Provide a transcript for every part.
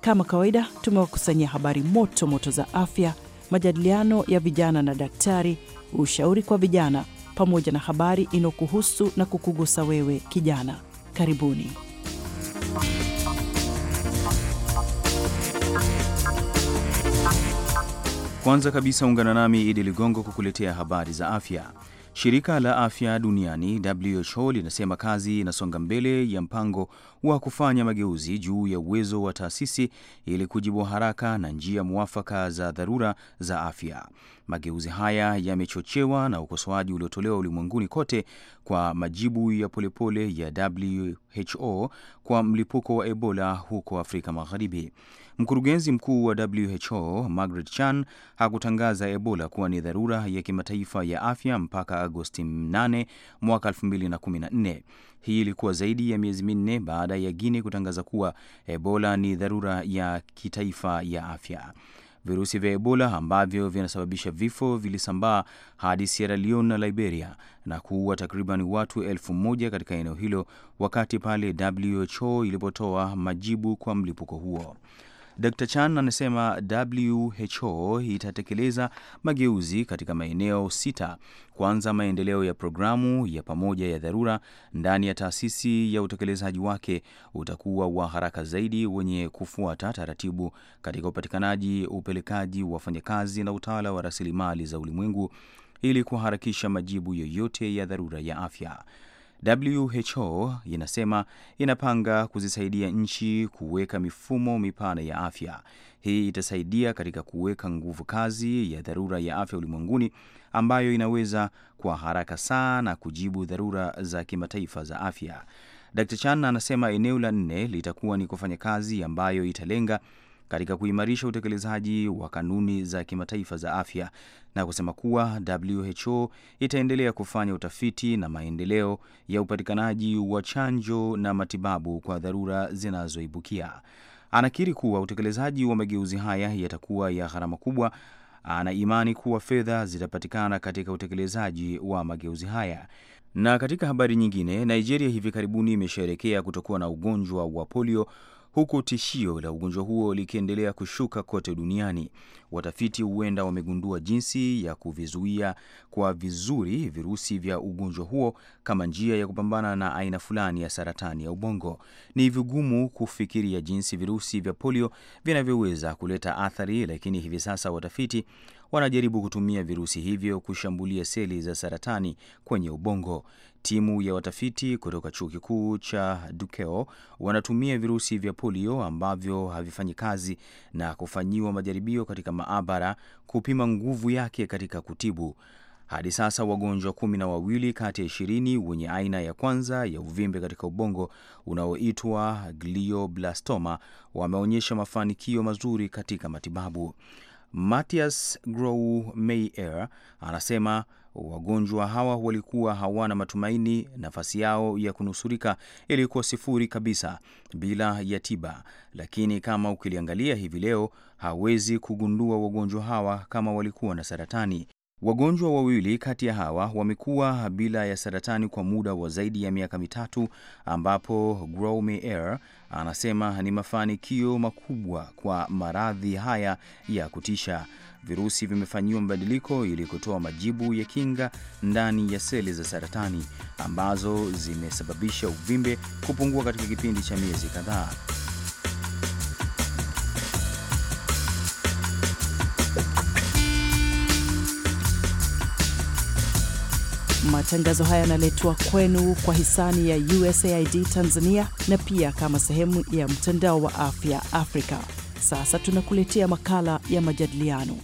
Kama kawaida, tumewakusanyia habari moto moto za afya, majadiliano ya vijana na daktari, ushauri kwa vijana, pamoja na habari inayokuhusu na kukugusa wewe kijana. Karibuni. Kwanza kabisa ungana nami Idi Ligongo kukuletea habari za afya. Shirika la afya duniani WHO linasema kazi inasonga mbele ya mpango wa kufanya mageuzi juu ya uwezo wa taasisi ili kujibu haraka na njia mwafaka za dharura za afya. Mageuzi haya yamechochewa na ukosoaji uliotolewa ulimwenguni kote kwa majibu ya polepole ya WHO kwa mlipuko wa Ebola huko Afrika Magharibi. Mkurugenzi mkuu wa WHO Margaret Chan hakutangaza Ebola kuwa ni dharura ya kimataifa ya afya mpaka Agosti 8 mwaka 2014. Hii ilikuwa zaidi ya miezi minne baada ya Guinea kutangaza kuwa Ebola ni dharura ya kitaifa ya afya. Virusi vya Ebola ambavyo vinasababisha vifo vilisambaa hadi Sierra Leone na Liberia na kuua takriban watu elfu moja katika eneo hilo wakati pale WHO ilipotoa majibu kwa mlipuko huo. Dr. Chan anasema WHO itatekeleza mageuzi katika maeneo sita. Kwanza, maendeleo ya programu ya pamoja ya dharura ndani ya taasisi ya utekelezaji wake utakuwa wa haraka zaidi, wenye kufuata taratibu katika upatikanaji, upelekaji wa wafanyakazi na utawala wa rasilimali za ulimwengu ili kuharakisha majibu yoyote ya dharura ya afya. WHO inasema inapanga kuzisaidia nchi kuweka mifumo mipana ya afya. Hii itasaidia katika kuweka nguvu kazi ya dharura ya afya ulimwenguni ambayo inaweza kwa haraka sana kujibu dharura za kimataifa za afya. Dr. Chan anasema eneo la nne litakuwa ni kufanya kazi ambayo italenga katika kuimarisha utekelezaji wa kanuni za kimataifa za afya na kusema kuwa WHO itaendelea kufanya utafiti na maendeleo ya upatikanaji wa chanjo na matibabu kwa dharura zinazoibukia. Anakiri kuwa utekelezaji wa mageuzi haya yatakuwa ya gharama kubwa. Ana imani kuwa fedha zitapatikana katika utekelezaji wa mageuzi haya. Na katika habari nyingine, Nigeria hivi karibuni imesherekea kutokuwa na ugonjwa wa polio huku tishio la ugonjwa huo likiendelea kushuka kote duniani watafiti huenda wamegundua jinsi ya kuvizuia kwa vizuri virusi vya ugonjwa huo kama njia ya kupambana na aina fulani ya saratani ya ubongo. Ni vigumu kufikiria jinsi virusi vya polio vinavyoweza kuleta athari, lakini hivi sasa watafiti wanajaribu kutumia virusi hivyo kushambulia seli za saratani kwenye ubongo. Timu ya watafiti kutoka chuo kikuu cha Dukeo wanatumia virusi vya polio ambavyo havifanyi kazi na kufanyiwa majaribio katika maabara kupima nguvu yake katika kutibu. Hadi sasa wagonjwa kumi na wawili kati ya ishirini wenye aina ya kwanza ya uvimbe katika ubongo unaoitwa glioblastoma wameonyesha mafanikio mazuri katika matibabu. Matthias Grow Mayer anasema Wagonjwa hawa walikuwa hawana matumaini, nafasi yao ya kunusurika ilikuwa sifuri kabisa bila ya tiba. Lakini kama ukiliangalia hivi leo, hawezi kugundua wagonjwa hawa kama walikuwa na saratani. Wagonjwa wawili kati ya hawa wamekuwa bila ya saratani kwa muda wa zaidi ya miaka mitatu, ambapo Groome Air anasema ni mafanikio makubwa kwa maradhi haya ya kutisha virusi vimefanyiwa mabadiliko ili kutoa majibu ya kinga ndani ya seli za saratani ambazo zimesababisha uvimbe kupungua katika kipindi cha miezi kadhaa. Matangazo haya yanaletwa kwenu kwa hisani ya USAID Tanzania na pia kama sehemu ya mtandao wa afya Afrika. Sasa tunakuletea makala ya majadiliano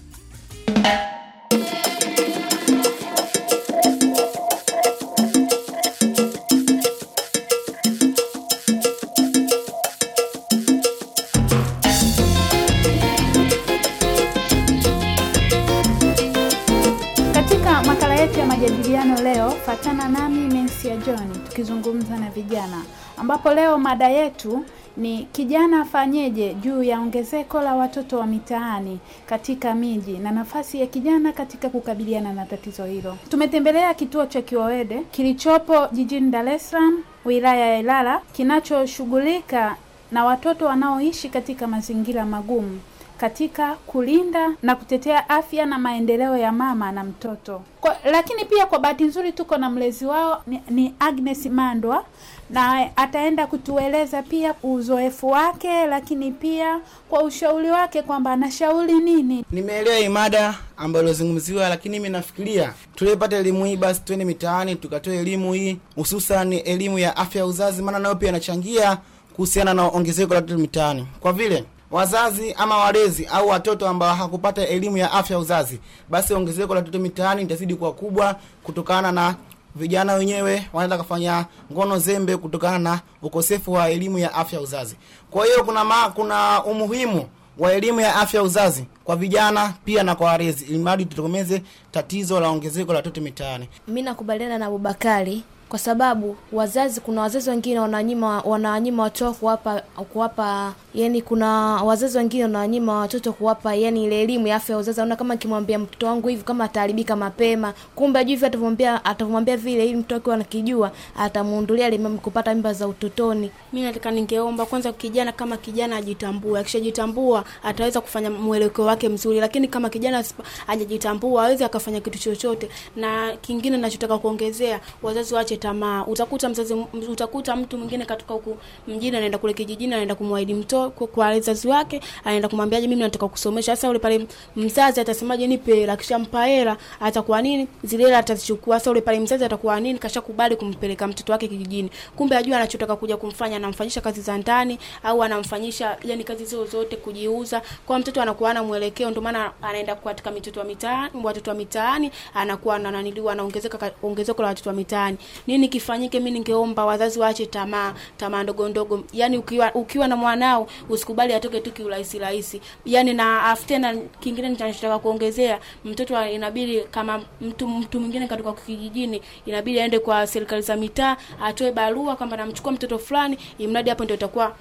Makala yetu ya majadiliano leo, fatana nami Mensia John tukizungumza na vijana ambapo leo mada yetu ni kijana afanyeje juu ya ongezeko la watoto wa mitaani katika miji na nafasi ya kijana katika kukabiliana na tatizo hilo. Tumetembelea kituo cha Kiwawede kilichopo jijini Dar es Salaam, wilaya ya Ilala, kinachoshughulika na watoto wanaoishi katika mazingira magumu katika kulinda na kutetea afya na maendeleo ya mama na mtoto kwa, lakini pia kwa bahati nzuri tuko na mlezi wao ni, ni Agnes Mandwa na ataenda kutueleza pia uzoefu wake, lakini pia kwa ushauri wake kwamba anashauri nini. Nimeelewa imada ambayo iliozungumziwa, lakini mimi nafikiria tulipata elimu hii, basi twende mitaani tukatoe elimu hii, hususan elimu ya afya ya uzazi, maana nayo pia inachangia kuhusiana na ongezeko la watoto mitaani kwa vile wazazi ama walezi au watoto ambao hakupata elimu ya afya uzazi, basi ongezeko la watoto mitaani litazidi kuwa kubwa kutokana na vijana wenyewe wanaenda kufanya ngono zembe kutokana na ukosefu wa elimu ya afya uzazi. Kwa hiyo kuna ma, kuna umuhimu wa elimu ya afya uzazi kwa vijana pia na kwa walezi, ili mradi tutokomeze tatizo la ongezeko la watoto mitaani. Mimi nakubaliana na Abubakari kwa sababu wazazi, kuna wazazi wengine wananyima wanawanyima watoto kuwapa kuwapa, yani kuna wazazi wengine wanawanyima watoto kuwapa, yani ile elimu ya afya ya uzazi. Naona kama nikimwambia mtoto wangu hivi, kama ataharibika mapema, kumbe ajui hivi atavyombea atavyombea vile, ili mtoto akiwa anakijua atamuundulia ile kupata mimba za utotoni. Mimi nataka ningeomba kwanza, kijana kama kijana ajitambue, akishajitambua ataweza kufanya mwelekeo wake mzuri, lakini kama kijana hajajitambua hawezi akafanya kitu chochote. Na kingine ninachotaka kuongezea, wazazi waache usikate tamaa. Utakuta mzazi, utakuta mtu mwingine katoka huku mjini anaenda kule kijijini, anaenda kumwahidi mtoto kwa wazazi wake, anaenda kumwambiaje, mimi nataka kusomesha. Sasa yule pale mzazi atasemaje, nipe hela, kisha mpa hela atakuwa nini, zile hela atazichukua. Sasa yule pale mzazi atakuwa nini, kashakubali kumpeleka mtoto wake kijijini, kumbe ajua anachotaka kuja kumfanya, anamfanyisha kazi za ndani au anamfanyisha yani kazi zote zote kujiuza, kwa mtoto anakuwa na mwelekeo, ndio maana anaenda katika mitoto wa mitaani, watoto wa mitaani anakuwa ananiliwa anaongezeka ongezeko la watoto wa mitaani nini kifanyike, mimi ningeomba wazazi waache tamaa, tamaa ndogo ndogo. Yani ukiwa ukiwa na mwanao usikubali atoke tu kiurahisi rahisi. Yani na afu tena kingine nitataka kuongezea, mtoto inabidi kama mtu mtu mwingine katoka kijijini, inabidi aende kwa serikali za mitaa atoe barua kwamba namchukua mtoto fulani, imradi hapo ndio itakuwa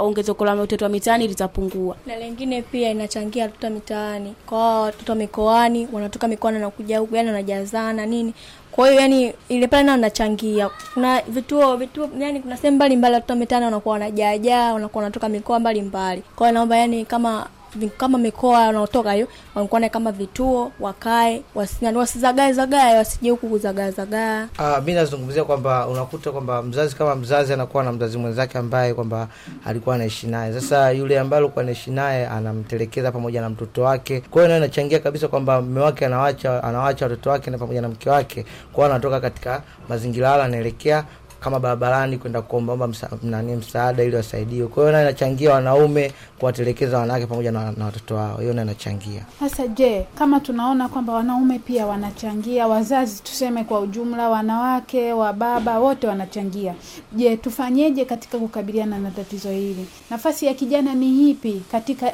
ongezeko la mtoto wa mitaani litapungua. Na lingine pia inachangia watoto mitaani, kwa watoto mikoani wanatoka mikoani na kuja huku, yani wanajazana nini kwa hiyo yani ile pale nao nachangia. Kuna vituo vituo yani kuna sehemu mbalimbali watu wametana wanakuwa wanajaajaa, wanakuwa wanatoka mikoa mbalimbali. Kwa hiyo naomba yani kama kama mikoa wanaotoka hiyo wanakuwa kama vituo, wakae wasinani, wasizagae zagae, wasije huku kuzagaa zagaa. Ah, mi nazungumzia kwamba unakuta kwamba mzazi kama mzazi anakuwa na mzazi mwenzake ambaye kwamba alikuwa anaishi naye. Sasa yule ambaye alikuwa anaishi naye anamtelekeza pamoja na mtoto wake, kwa hiyo nayo inachangia kabisa kwamba mume wake anawacha anawacha watoto wake na pamoja na mke wake, kwao anatoka katika mazingira anaelekea kama barabarani kwenda kuombaomba nani msaada ili wasaidiwe. Kwa hiyo na inachangia wanaume kuwatelekeza wanawake pamoja na, na watoto wao, hiyo na inachangia. Sasa je, kama tunaona kwamba wanaume pia wanachangia, wazazi tuseme kwa ujumla, wanawake wa baba wote wanachangia, je, tufanyeje katika kukabiliana na tatizo hili? Nafasi ya kijana ni ipi katika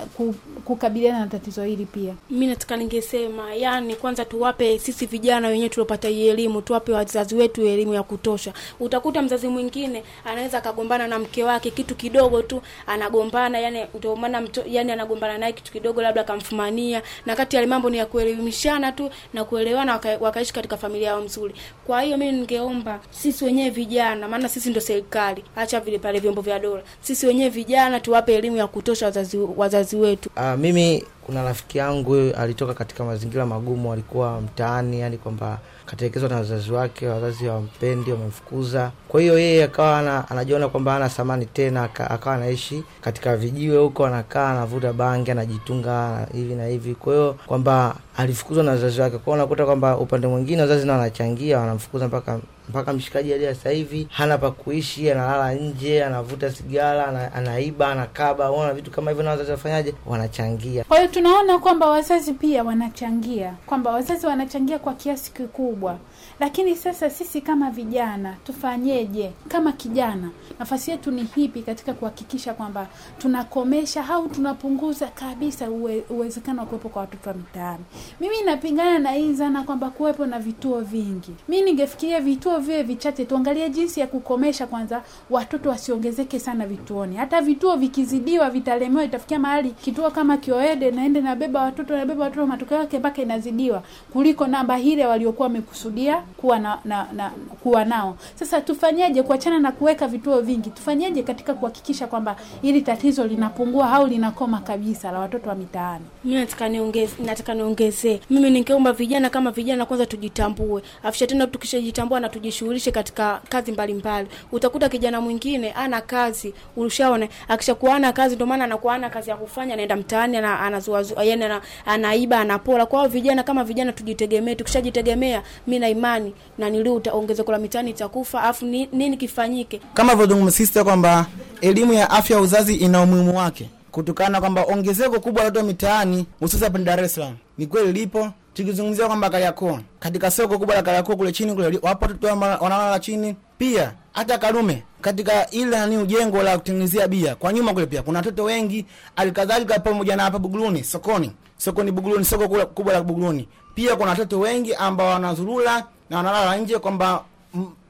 kukabiliana na tatizo hili? Pia mi nataka ningesema, yani kwanza tuwape sisi vijana wenyewe tuliopata hii elimu, tuwape wazazi wetu elimu ya kutosha. utakuta unakuta mzazi mwingine anaweza akagombana na mke wake kitu kidogo tu anagombana, yani ndio maana yani anagombana naye kitu kidogo, labda akamfumania, na kati ya mambo ni ya kuelimishana tu na kuelewana, waka, wakaishi katika familia yao mzuri. Kwa hiyo mimi ningeomba sisi wenyewe vijana, maana sisi ndio serikali, acha vile pale vyombo vya dola, sisi wenyewe vijana tuwape elimu ya kutosha wazazi, wazazi wetu. Aa, ah, mimi kuna rafiki yangu alitoka katika mazingira magumu, alikuwa mtaani, yani kwamba akatekelezwa na wazazi wake, wazazi mpendi wamemfukuza. Kwa hiyo yeye akawa anajiona kwamba ana thamani tena, akawa anaishi katika vijiwe huko, anakaa anavuta bangi, anajitunga hivi na hivi. Kwa hiyo kwamba alifukuzwa na wazazi wake kwao, unakuta kwamba upande mwingine wazazi nao wanachangia, wanamfukuza mpaka mpaka mshikaji alia sasa hivi hana pa kuishi, analala nje, anavuta sigara, anaiba, anakaba. ona vitu kama hivyo, na wazazi wafanyaje? Wanachangia. Kwa hiyo tunaona kwamba wazazi pia wanachangia, kwamba wazazi wanachangia kwa kiasi kikubwa. Lakini sasa sisi kama vijana tufanyeje? Kama kijana, nafasi yetu ni hipi katika kuhakikisha kwamba tunakomesha au tunapunguza kabisa uwe, uwezekano wa kuwepo kwa watoto wa mitaani? Mimi napingana na hii zana kwamba kuwepo na vituo vingi. Mi ningefikiria vituo viwe vichache, tuangalie jinsi ya kukomesha kwanza, watoto wasiongezeke sana vituoni. Hata vituo vikizidiwa vitalemewa, itafikia mahali kituo kama Kioede naende nabeba watoto nabeba watoto, matokeo yake mpaka inazidiwa kuliko namba ile waliokuwa wamekusudia wanaendelea kuwa na, na, na kuwa nao. Sasa tufanyeje kuachana na kuweka vituo vingi? Tufanyeje katika kuhakikisha kwamba hili tatizo linapungua au linakoma kabisa la watoto wa mitaani? Mimi nataka niongeze, nataka niongeze. mimi ningeomba vijana kama vijana kwanza tujitambue, afisha tena, tukishajitambua na tujishughulishe katika kazi mbalimbali mbali. Utakuta kijana mwingine ana kazi, ulishaona akishakuwa ana kazi ndio maana anakuwa ana kazi ya kufanya, anaenda mtaani anazua, yani anaiba, anapola. Kwa hiyo vijana kama vijana tujitegemee, tukishajitegemea mimi na imani na nili utaongezeko la mitaani itakufa, afu nini, nini kifanyike? Kama alivyozungumzisisitiza kwamba elimu ya afya ya uzazi ina umuhimu wake kutokana kwamba ongezeko kubwa la watoto mitaani hususan hapa Dar es Salaam ni kweli lipo. Tukizungumzia kwamba Kariakoo, katika soko kubwa la Kariakoo kule chini kule wapo watoto wanalala chini pia hata Karume katika ile nani ujengo la kutengenezea bia kwa nyuma kule pia kuna watoto wengi, alikadhalika pamoja na hapa Buguruni sokoni, sokoni Buguruni, soko kule kubwa la Buguruni, pia kuna watoto wengi ambao wanazurula na wanalala nje, kwamba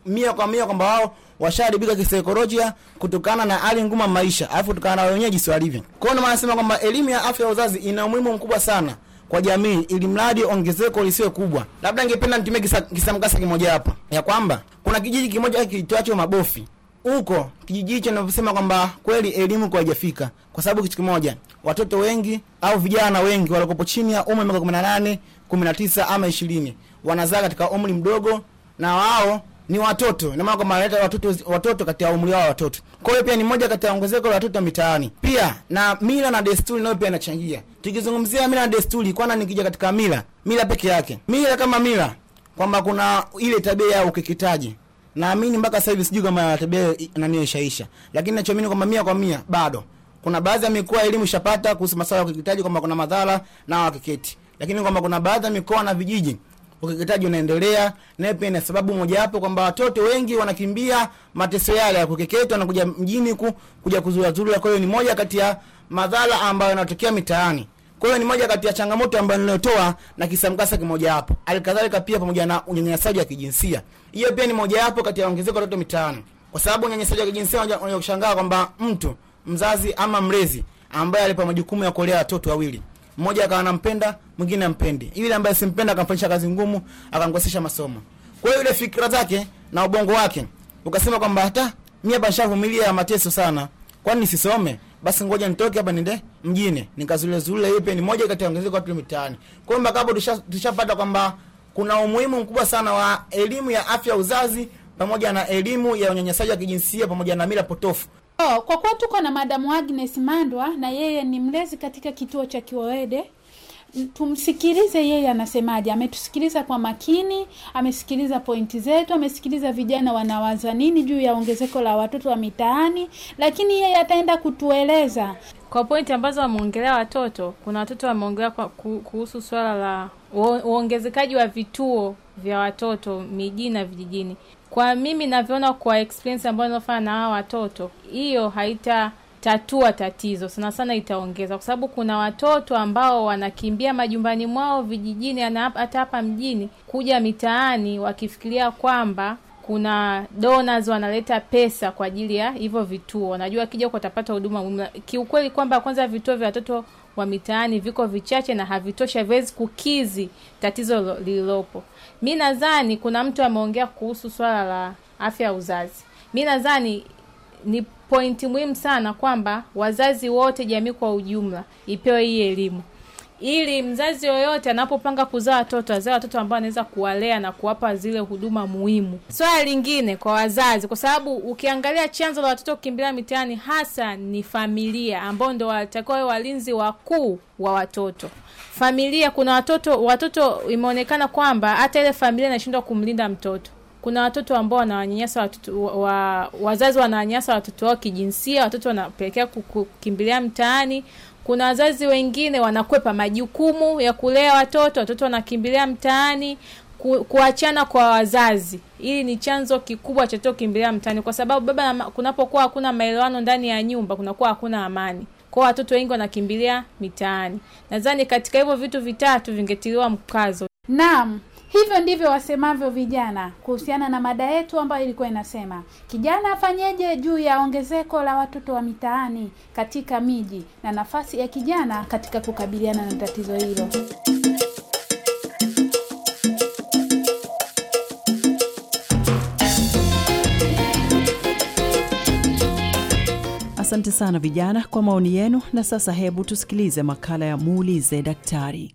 mia kwa mia kwamba wao washaribika kisaikolojia kutokana na hali nguma maisha, alafu kutokana na wenyeji sio alivyo. Kwa hiyo maana sema kwamba elimu ya afya ya uzazi ina umuhimu mkubwa sana kwa jamii, ili mradi ongezeko lisiwe kubwa. Labda ningependa nitumie kisa, kisa mkasa kimoja hapa ya kwamba kuna kijiji kimoja kiitwacho Mabofi huko kijiji hicho navyosema kwamba kweli elimu kwa haijafika kwa sababu kitu kimoja, watoto wengi au vijana wengi walokopo chini ya umri miaka 18, 19 ama 20 wanazaa katika umri mdogo, na wao ni watoto, na maana kwamba wanaleta watoto watoto kati ya umri wao watoto. Kwa hiyo pia ni moja kati ya ongezeko la watoto mitaani, pia na mila na desturi nayo pia inachangia. Tukizungumzia mila na desturi, kwanza nikija katika mila, mila peke yake, mila kama mila kwamba kuna ile tabia ya ukeketaji naamini mpaka sasa hivi sijui kama tabia nani ishaisha, lakini nachoamini kwamba mia kwa mia bado kuna baadhi ya mikoa elimu ishapata kuhusu masuala ya ukeketaji kwamba kuna madhara na wakeketi, lakini kwamba kuna baadhi ya mikoa na vijiji ukeketaji unaendelea, na pia ni sababu moja hapo kwamba watoto wengi wanakimbia mateso yale ya kukeketwa na kuja mjini ku, kuja kuzuia zuri. Kwa hiyo ni moja kati ya madhara ambayo yanatokea mitaani. Kwa hiyo ni moja kati ya changamoto ambayo niliyotoa na kisamkasa kimoja hapo. Alikadhalika pia pamoja na unyanyasaji wa kijinsia. Hiyo pia ni moja hapo kati ya ongezeko la watoto mitaani. Kwa sababu unyanyasaji wa kijinsia unaweza kushangaa kwamba mtu mzazi ama mlezi ambaye alipa majukumu ya kulea watoto wawili. Mmoja akawa anampenda, mwingine ampendi. Yule ambaye simpenda akamfanyisha kazi ngumu, akamkosesha masomo. Kwa hiyo yule fikra zake na ubongo wake ukasema kwamba hata mimi hapa nishavumilia mateso sana. Kwani nisisome? basi ngoja nitoke hapa niende mjini nikazule zule. Ipe ni moja kati ya ongezeko watu mitaani. Kwa hiyo mpaka hapo tushapata kwamba kuna umuhimu mkubwa sana wa elimu ya afya uzazi pamoja na elimu ya unyanyasaji wa kijinsia pamoja na mila potofu. Oh, kwa kuwa tuko na Madamu Agnes Mandwa na yeye ni mlezi katika kituo cha Kiwawede tumsikilize yeye anasemaje. Ametusikiliza kwa makini, amesikiliza pointi zetu, amesikiliza vijana wanawaza nini juu ya ongezeko la watoto wa mitaani, lakini yeye ataenda kutueleza kwa pointi ambazo wameongelea watoto. Kuna watoto wameongelea kuhusu swala la uongezekaji wa vituo vya watoto mijini na vijijini. Kwa mimi navyoona, kwa experience ambayo inaofana na hawa watoto, hiyo haita tatua tatizo sana sana, itaongeza kwa sababu kuna watoto ambao wanakimbia majumbani mwao vijijini, hata hapa mjini, kuja mitaani wakifikiria kwamba kuna donors wanaleta pesa kwa ajili ya hivyo vituo, najua kija huko atapata huduma. Kiukweli kwamba kwanza vituo vya watoto wa mitaani viko vichache na havitosha, viwezi kukizi tatizo lililopo. Mi nadhani kuna mtu ameongea kuhusu swala la afya ya uzazi. Mi nadhani ni pointi muhimu sana kwamba wazazi wote, jamii kwa ujumla, ipewe hii elimu ili mzazi yoyote anapopanga kuzaa watoto azae watoto ambao anaweza kuwalea na kuwapa zile huduma muhimu. Swala lingine kwa wazazi, kwa sababu ukiangalia chanzo la watoto kukimbilia mitaani hasa ni familia, ambao ndo watakiwa wawe walinzi wakuu wa watoto. Familia, kuna watoto watoto, imeonekana kwamba hata ile familia inashindwa kumlinda mtoto kuna watoto ambao wanawanyanyasa watoto wa, wazazi wanawanyanyasa watoto wao kijinsia, watoto wanapelekea kukimbilia mtaani. Kuna wazazi wengine wanakwepa majukumu ya kulea watoto, watoto wanakimbilia mtaani ku, kuachana kwa wazazi. Hili ni chanzo kikubwa cha kukimbilia mtaani, kwa sababu baba na kunapokuwa hakuna maelewano ndani ya nyumba, kunakuwa hakuna amani kwa watoto wengi wanakimbilia mitaani. Nadhani katika hivyo vitu vitatu vingetiliwa mkazo. Naam. Hivyo ndivyo wasemavyo vijana kuhusiana na mada yetu ambayo ilikuwa inasema kijana afanyeje juu ya ongezeko la watoto wa mitaani katika miji na nafasi ya kijana katika kukabiliana na tatizo hilo. Asante sana vijana kwa maoni yenu, na sasa hebu tusikilize makala ya muulize daktari.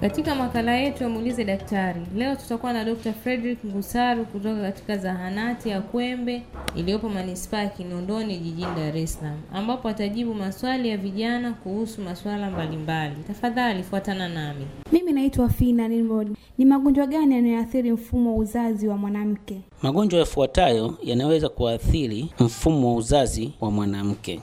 Katika makala yetu ya muulize daktari, leo tutakuwa na Dr. Frederick Ngusaru kutoka katika zahanati ya Kwembe iliyopo manispaa ya Kinondoni jijini Dar es Salaam, ambapo atajibu maswali ya vijana kuhusu masuala mbalimbali. Tafadhali fuatana nami. Mimi naitwa Fina Nimrod. Ni magonjwa gani yanayoathiri mfumo wa uzazi wa mwanamke? Magonjwa yafuatayo yanaweza kuathiri mfumo wa uzazi wa mwanamke.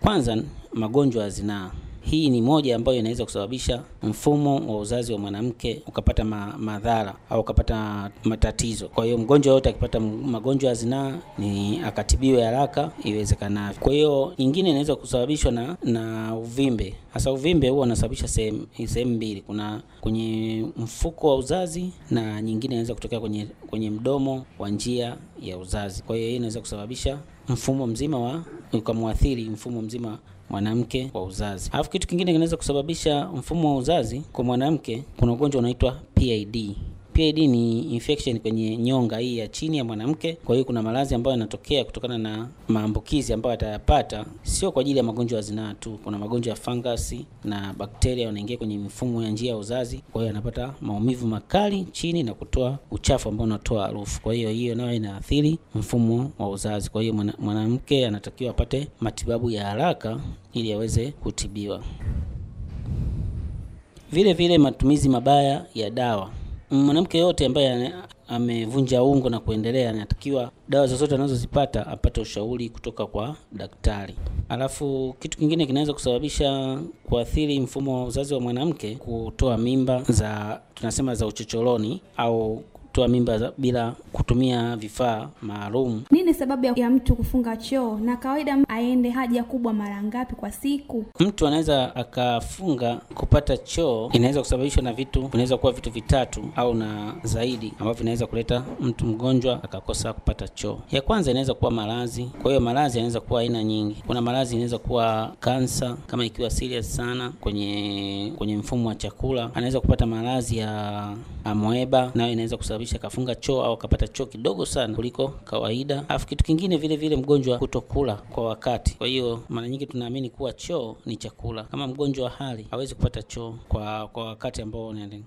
Kwanza, magonjwa ya zinaa hii ni moja ambayo inaweza kusababisha mfumo wa uzazi wa mwanamke ukapata ma madhara au ukapata matatizo. Kwa hiyo mgonjwa yote akipata magonjwa ya zinaa ni akatibiwe haraka iwezekanavyo. Kwa hiyo nyingine inaweza kusababishwa na, na uvimbe. Hasa uvimbe huwa unasababisha sehemu sehemu mbili, kuna kwenye mfuko wa uzazi na nyingine inaweza kutokea kwenye kwenye mdomo wa njia ya uzazi. Kwa hiyo hii inaweza kusababisha mfumo mzima wa ukamwathiri mfumo mzima mwanamke wa uzazi. Alafu kitu kingine kinaweza kusababisha mfumo wa uzazi kwa mwanamke, kuna ugonjwa unaitwa PID. PID ni infection kwenye nyonga hii ya chini ya mwanamke. Kwa hiyo kuna maradhi ambayo yanatokea kutokana na maambukizi ambayo atayapata, sio kwa ajili ya magonjwa ya zinaa tu. Kuna magonjwa ya fangasi na bakteria wanaingia kwenye mifumo ya njia ya uzazi, kwa hiyo anapata maumivu makali chini na kutoa uchafu ambao unatoa harufu. Kwa hiyo hiyo nayo inaathiri mfumo wa uzazi. Kwa hiyo mwanamke anatakiwa apate matibabu ya haraka ili aweze kutibiwa. Vile vile matumizi mabaya ya dawa Mwanamke yote ambaye amevunja ungo na kuendelea, anatakiwa dawa zozote anazozipata apate ushauri kutoka kwa daktari. Alafu kitu kingine kinaweza kusababisha kuathiri mfumo wa uzazi wa mwanamke, kutoa mimba za tunasema za uchocholoni au kutoa mimba bila kutumia vifaa maalum. Nini sababu ya mtu kufunga choo, na kawaida aende haja kubwa mara ngapi kwa siku? Mtu anaweza akafunga kupata choo, inaweza kusababishwa na vitu, inaweza kuwa vitu vitatu au na zaidi ambavyo inaweza kuleta mtu mgonjwa akakosa kupata choo. Ya kwanza inaweza kuwa maradhi. Kwa hiyo maradhi yanaweza kuwa aina nyingi. Kuna maradhi inaweza kuwa kansa, kama ikiwa serious sana kwenye kwenye mfumo wa chakula, anaweza kupata maradhi ya amoeba, nayo inaweza kusababisha kabisa akafunga choo au akapata choo kidogo sana kuliko kawaida. Alafu kitu kingine vile vile mgonjwa kutokula kwa wakati. Kwa hiyo mara nyingi tunaamini kuwa choo ni chakula. Kama mgonjwa hali hawezi kupata choo kwa kwa wakati ambao unaendelea.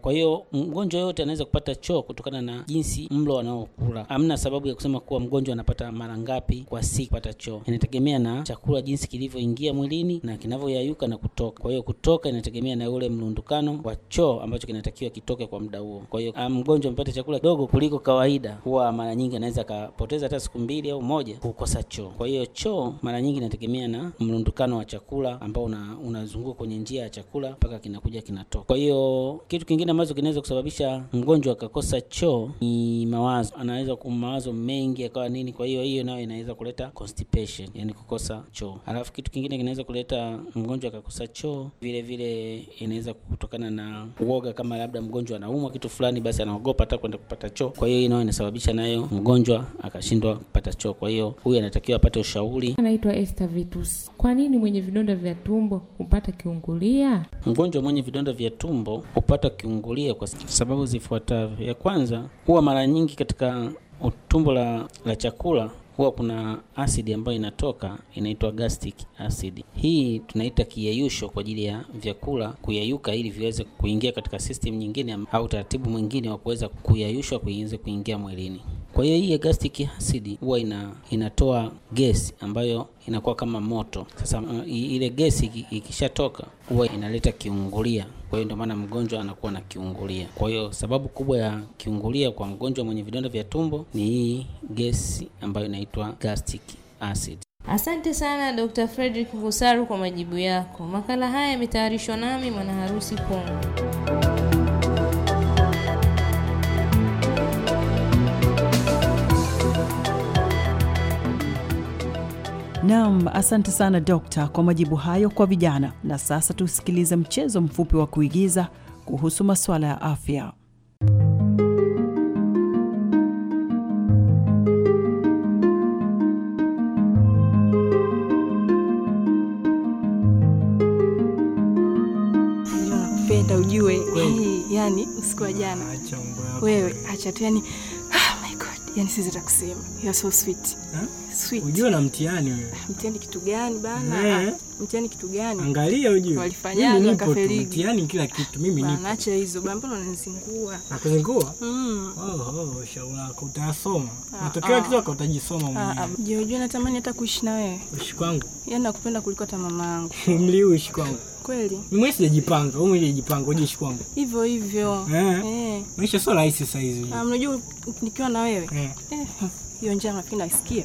kwa hiyo mgonjwa yote anaweza kupata choo kutokana na jinsi mlo anaokula. Hamna sababu ya kusema kuwa mgonjwa anapata mara ngapi kwa siku kupata choo. Inategemea na chakula jinsi kilivyoingia mwilini na kinavyoyayuka na kutoka. Kwa hiyo kutoka inategemea na ule mlundukano wa choo ambacho kinatakiwa kitoke kwa muda huo. Kwa hiyo ah, mgonjwa mpate chakula kidogo kuliko kawaida, huwa mara nyingi anaweza akapoteza hata siku mbili au moja kukosa choo. Kwa hiyo choo mara nyingi inategemea na mrundukano wa chakula ambao unazunguka una kwenye njia ya chakula mpaka kinakuja kinatoka. Kwa hiyo kitu kingine ambacho kinaweza kusababisha mgonjwa akakosa choo ni mawazo, anaweza mawazo mengi akawa nini, kwa hiyo hiyo nayo inaweza kuleta constipation, yani kukosa choo. Alafu kitu kingine kinaweza kuleta mgonjwa akakosa choo vile vile inaweza kutokana na uoga, kama labda mgonjwa anaumwa kitu fulani, basi anaogopa kupata kwenda kupata choo. Kwa hiyo nayo inasababisha nayo mgonjwa akashindwa kupata choo. Kwa hiyo huyu anatakiwa apate ushauri. Anaitwa Esther Vitus. Kwa nini mwenye vidonda vya tumbo hupata kiungulia? Mgonjwa mwenye vidonda vya tumbo hupata kiungulia kwa sababu zifuatavyo. Ya kwanza, huwa mara nyingi katika tumbo la, la chakula huwa kuna asidi ambayo inatoka inaitwa gastric acid. Hii tunaita kiyeyusho kwa ajili ya vyakula kuyayuka ili viweze kuingia katika system nyingine au taratibu mwingine wa kuweza kuyeyushwa kuingia mwilini. Kwa hiyo hii gastric acid huwa ina, inatoa gesi ambayo inakuwa kama moto. Sasa uh, ile gesi ikishatoka huwa inaleta kiungulia, kwa hiyo ndio maana mgonjwa anakuwa na kiungulia. Kwa hiyo sababu kubwa ya kiungulia kwa mgonjwa mwenye vidonda vya tumbo ni hii gesi ambayo inaitwa gastric acid. Asante sana Dr. Frederick Vusaru kwa majibu yako. Makala haya yametayarishwa nami mwana harusi Pongo. Naam, asante sana dokta kwa majibu hayo kwa vijana. Na sasa tusikilize mchezo mfupi wa kuigiza kuhusu masuala ya afya. Napenda ujue hii, yani usiku wa jana wewe, acha tu yani, oh my God, yani sizi takusema, so sweet huh? sweet. Unajua na mtihani wewe. Ah, mtihani kitu gani bana? Eh. Ah, mtihani kitu gani? Angalia ujue. Walifanyaje kafeli? Mtihani kila kitu mimi nipo. Bana acha hizo bana, mbona unanizingua? Nakuzingua? Mm. Oh oh, shauri lako utasoma. Ah, Matokeo kitu yako utajisoma mwenyewe. Je, unajua natamani hata kuishi na wewe? Uishi kwangu. Yaani nakupenda kuliko hata mama yangu. Mliu uishi kwangu. Kweli. Mimi sijajipanga, wewe unajipanga uje kwangu. Hivyo hivyo. Eh. eh. Maisha sio rahisi sasa hivi. Ah, unajua nikiwa na wewe. Eh. eh hiyo njama nafikiri naisikia.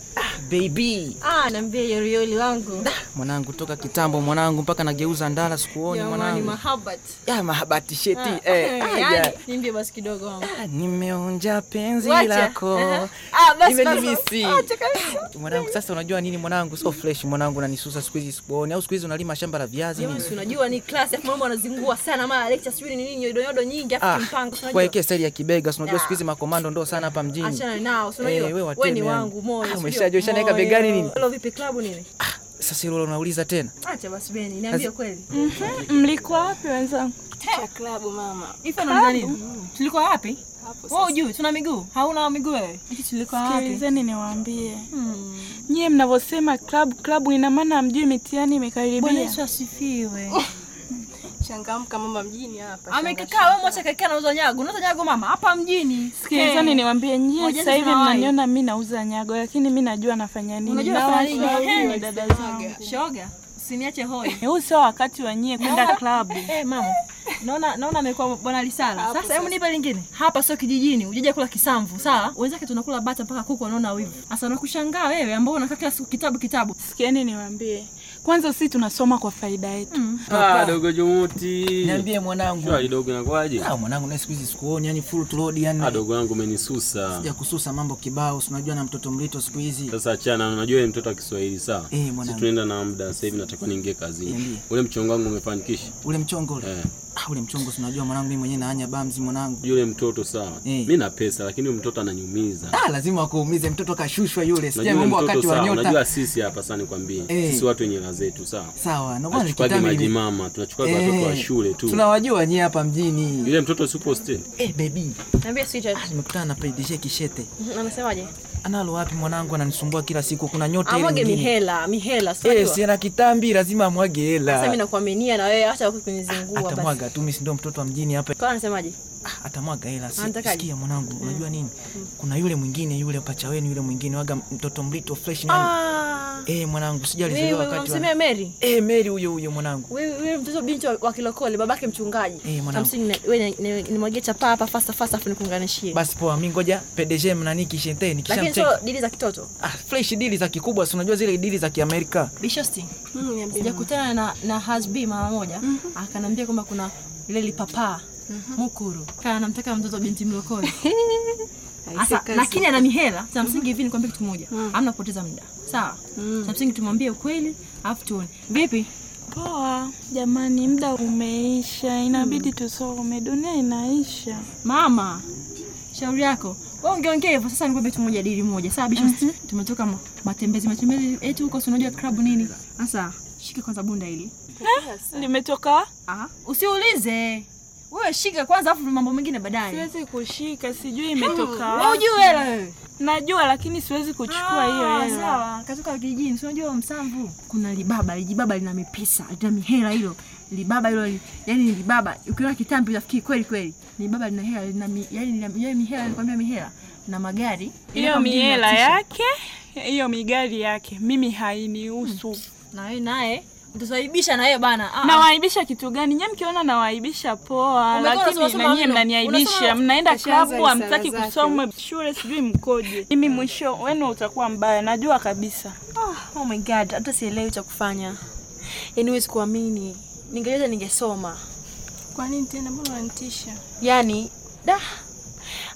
baby. Ah, naambia Yorioli wangu. mwanangu toka kitambo mwanangu mpaka nageuza ndala sikuoni mwanangu. Mahabat. Ya mahabati sheti. Ah, eh, ah, ah, yani, yeah. Nimbie basi kidogo wangu. Ah, nimeonja penzi Wacha. lako. Ah, basi basi. Ah, ah, mwanangu sasa unajua nini mwanangu? So fresh mwanangu na nisusa siku hizi sikuoni au siku hizi unalima shamba la viazi nini? Si unajua ni class afu mambo anazingua sana mara lecture sijui ni nini yodo yodo nyingi afu kimpango unajua. Kwa hiyo style ya kibega unajua siku hizi makomando ndo sana hapa mjini. Achana nao unajua. Eh, wewe ni wangu moyo. Umeshajua naweka begani nini? Hilo vipi klabu nini? Ah, sasa hilo unauliza tena. Acha basi Beni, niambie kweli. Mhm. Mlikuwa wapi wenzangu? Cha klabu mama. Ifa na nani? Tulikuwa wapi? Hapo Wewe hujui tuna miguu? Hauna miguu wewe? Hiki tulikuwa wapi? Sikilizeni niwaambie. Hmm. Nyie mnavyosema klabu klabu ina maana mjui mitihani imekaribia. Bwana Yesu asifiwe. amechangamka mama mjini hapa. Amekaa wewe mwacha kaka anauza nyago. Unauza nyago mama hapa mjini. Sikilizani niwaambie nyie sasa hivi mnaniona mimi nauza nyago lakini mimi najua nafanya nini. Unajua nafanya nini dada zangu. Shoga, usiniache hoi. Huu sio wakati wa nyie kwenda club. Eh mama. Naona naona amekuwa bwana Lisala. Sasa hebu nipe lingine. Hapa sio kijijini, ujaje kula kisamvu, sawa? Wenzake tunakula bata mpaka kuku wanaona wivu. Sasa unakushangaa wewe ambao unakaa kila siku kitabu kitabu. Sikieni niwaambie. Kwanza si tunasoma kwa faida yetu. Mm. Ah, dogo Jomoti. Niambie mwanangu. Shwari dogo inakuaje? Ah, mwanangu na siku hizi sikuoni, yani full road yani. Ah, dogo yangu umenisusa. Sija kususa mambo kibao, unajua na mtoto mlito siku hizi. Sasa achana, unajua yeye mtoto wa Kiswahili sawa. Eh, mwanangu. tunaenda na muda, sasa hivi nataka niingie kazini. Ule mchongo wangu umefanikisha. Ule mchongo ule. Eh. Ule mchongo unajua mwanangu, mimi mwenyewe naanya bamzi mwanangu. Yule mtoto sawa, hey. Eh. Mimi na pesa lakini yule mtoto ananiumiza. Ah, lazima akuumize mtoto, kashushwa yule. Sijui Mungu wakati wa nyota. Unajua sisi hapa sana nikwambie, hey. Eh. Sisi watu wenye hela zetu sawa. Sawa, na ndio maana ni maji mama, tunachukua hey. Eh. Watoto wa shule tu. Tunawajua nyie hapa mjini. Yule mtoto super state. Eh, hey, baby. Niambia sweetheart. Ah, nimekutana na PDG Kishete. Anasemaje? Analo wapi mwanangu, ananisumbua kila siku. Kuna nyote ile amwage mihela, mihela sio eh, si ana kitambi, lazima amwage hela. Sasa mimi nakuaminia na wewe, acha kunizingua basi. Atamwaga tu, mimi si ndio mtoto wa mjini hapa. Kwa anasemaje? ah, atamwaga hela. Sikia mwanangu, mm. unajua nini kuna yule mwingine yule pacha wenu yule mwingine waga mtoto mlito fresh nani ah. eh mwanangu, sijalizelewa wakati unamsemea Mary eh, Mary huyo huyo mwanangu, wewe mtoto binti wa Kilokole, babake mchungaji eh, mwanangu, hamsini wewe ni mwagie chapa hapa fasta fasta, afu nikuunganishie. Basi poa, mimi ngoja PDG mnaniki shente nikishamcheck, lakini sio dili za kitoto ah, fresh dili za kikubwa, si unajua zile dili za Kiamerika. Bishosti mm, sijakutana na na husband mama moja mhm. akanambia kwamba kuna ile lipapa Mhm. mukuru kana namtaka mtoto binti mlokole Asa, lakini ana mihela. Cha mhm. msingi hivi nikwambie kitu kimoja, mm. amna kupoteza muda, sawa? Mm. Cha msingi tumwambie ukweli, afu tuone vipi. Poa jamani, muda umeisha, inabidi mm. tusome, dunia inaisha. Mama, shauri yako wewe, ungeongea hivyo. Sasa nikwambie kitu moja, dili moja, sawa? Bisho, mhm. tumetoka matembezi matembezi, eti huko si unajua club nini. Sasa shika kwanza bunda hili, nimetoka. Eh? usiulize wewe shika kwanza afu mambo mengine baadaye. Siwezi kushika, sijui imetoka wapi. Wewe unajua hela wewe. Najua lakini siwezi kuchukua hiyo ah, hela. Sawa, katoka kijijini, si unajua Msambu Kuna libaba, lijibaba lina mipisa, lina mihela hilo. Libaba hilo yaani libaba, ukiona kitambi unafikiri kweli kweli. Ni baba lina hela, lina yani yeye mihela, nikwambia mihela na magari. Hiyo mihela yake, hiyo migari yake mimi hainihusu. Hmm. Na wewe naye mtatuaibisha na yeye bana. Ah, ah, nawaibisha kitu gani? Nyie mkiona nawaibisha poa, lakini na nyie mnaniaibisha. Mnaenda klabu, hamtaki kusoma shule, sijui mkoje. Mimi mwisho wenu utakuwa mbaya, najua kabisa. Oh, oh my god, hata sielewi cha kufanya. Yaani huwezi kuamini, ningejua ningesoma. Kwa nini tena? Mbona unanitisha? Yaani da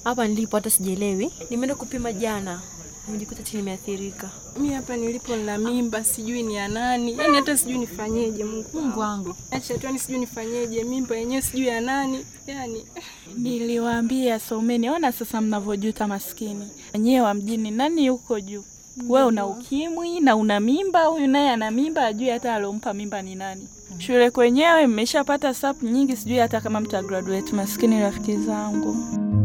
hapa nilipo hata sijielewi. Nimeenda kupima jana umejikuta chini nimeathirika. Mimi hapa nilipo na mimba, sijui ni ya nani, yaani hata sijui nifanyeje. Mungu Mungu wangu, acha tu, yaani sijui nifanyeje, mimba yenyewe sijui ya nani. Yani niliwaambia someni, ona sasa mnavyojuta maskini wenyewe wa mjini. Nani yuko juu? We una ukimwi na una mimba, huyu naye ana mimba, ajui hata alompa mimba ni nani. Mm. Shule kwenyewe mmeshapata sap nyingi, sijui hata kama mta graduate. Maskini rafiki zangu. za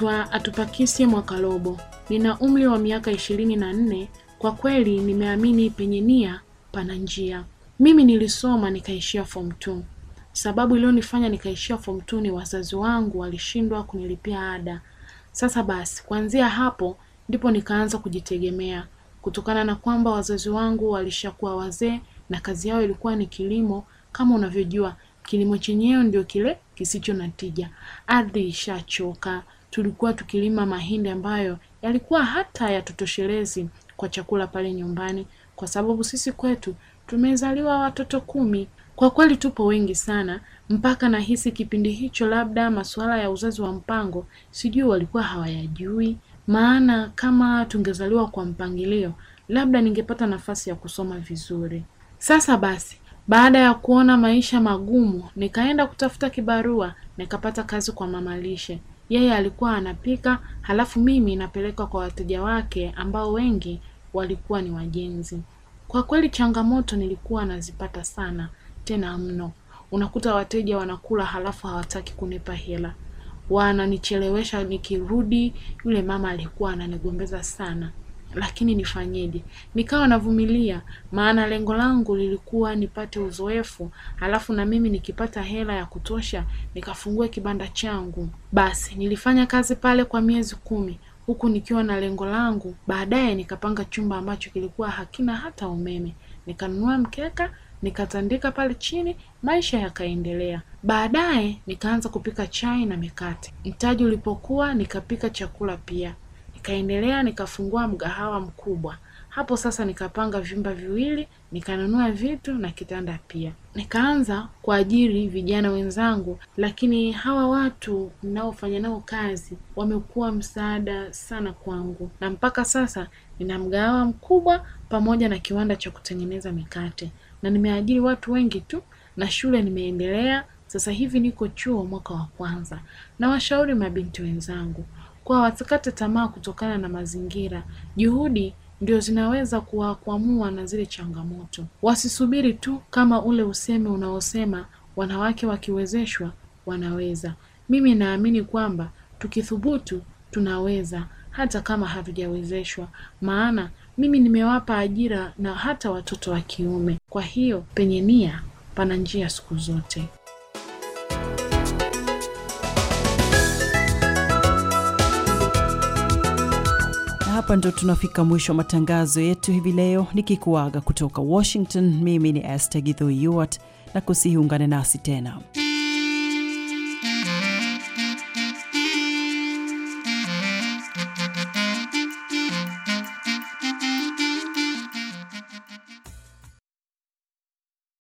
Naitwa Atupakisi Mwakalobo, nina umri wa miaka ishirini na nne. Kwa kweli nimeamini penye nia pana njia. Mimi nilisoma nikaishia form 2. Sababu iliyonifanya nikaishia form 2 ni wazazi wangu walishindwa kunilipia ada. Sasa basi, kuanzia hapo ndipo nikaanza kujitegemea kutokana na kwamba wazazi wangu walishakuwa wazee na kazi yao ilikuwa ni kilimo. Kama unavyojua kilimo chenyewe ndio kile kisicho na tija, ardhi ishachoka, tulikuwa tukilima mahindi ambayo yalikuwa hata yatotoshelezi kwa chakula pale nyumbani, kwa sababu sisi kwetu tumezaliwa watoto kumi. Kwa kweli tupo wengi sana, mpaka nahisi kipindi hicho labda masuala ya uzazi wa mpango sijui walikuwa hawayajui, maana kama tungezaliwa kwa mpangilio, labda ningepata nafasi ya kusoma vizuri. Sasa basi, baada ya kuona maisha magumu, nikaenda kutafuta kibarua, nikapata kazi kwa mamalishe. Yeye alikuwa anapika halafu mimi napeleka kwa wateja wake ambao wengi walikuwa ni wajenzi. Kwa kweli changamoto nilikuwa nazipata sana tena mno. Unakuta wateja wanakula halafu hawataki kunipa hela, wananichelewesha nikirudi. Yule mama alikuwa ananigombeza sana lakini nifanyeje? Nikawa navumilia, maana lengo langu lilikuwa nipate uzoefu, halafu na mimi nikipata hela ya kutosha nikafungue kibanda changu. Basi nilifanya kazi pale kwa miezi kumi huku nikiwa na lengo langu. Baadaye nikapanga chumba ambacho kilikuwa hakina hata umeme, nikanunua mkeka nikatandika pale chini, maisha yakaendelea. Baadaye nikaanza kupika chai na mikate. Mtaji ulipokuwa nikapika chakula pia. Nikaendelea nikafungua mgahawa mkubwa. Hapo sasa nikapanga vyumba viwili, nikanunua vitu na kitanda pia. Nikaanza kuajiri vijana wenzangu, lakini hawa watu ninaofanya nao kazi wamekuwa msaada sana kwangu, na mpaka sasa nina mgahawa mkubwa pamoja na kiwanda cha kutengeneza mikate, na nimeajiri watu wengi tu, na shule nimeendelea. Sasa hivi niko chuo mwaka wa kwanza. Nawashauri mabinti wenzangu kwa watakate tamaa kutokana na mazingira. Juhudi ndio zinaweza kuwakwamua na zile changamoto. Wasisubiri tu kama ule usemi unaosema wanawake wakiwezeshwa wanaweza. Mimi naamini kwamba tukithubutu tunaweza hata kama hatujawezeshwa, maana mimi nimewapa ajira na hata watoto wa kiume. Kwa hiyo penye nia pana njia siku zote. hapa ndo tunafika mwisho wa matangazo yetu hivi leo, nikikuaga kutoka Washington. Mimi ni este Githo Yuart, na kusihi ungane nasi tena.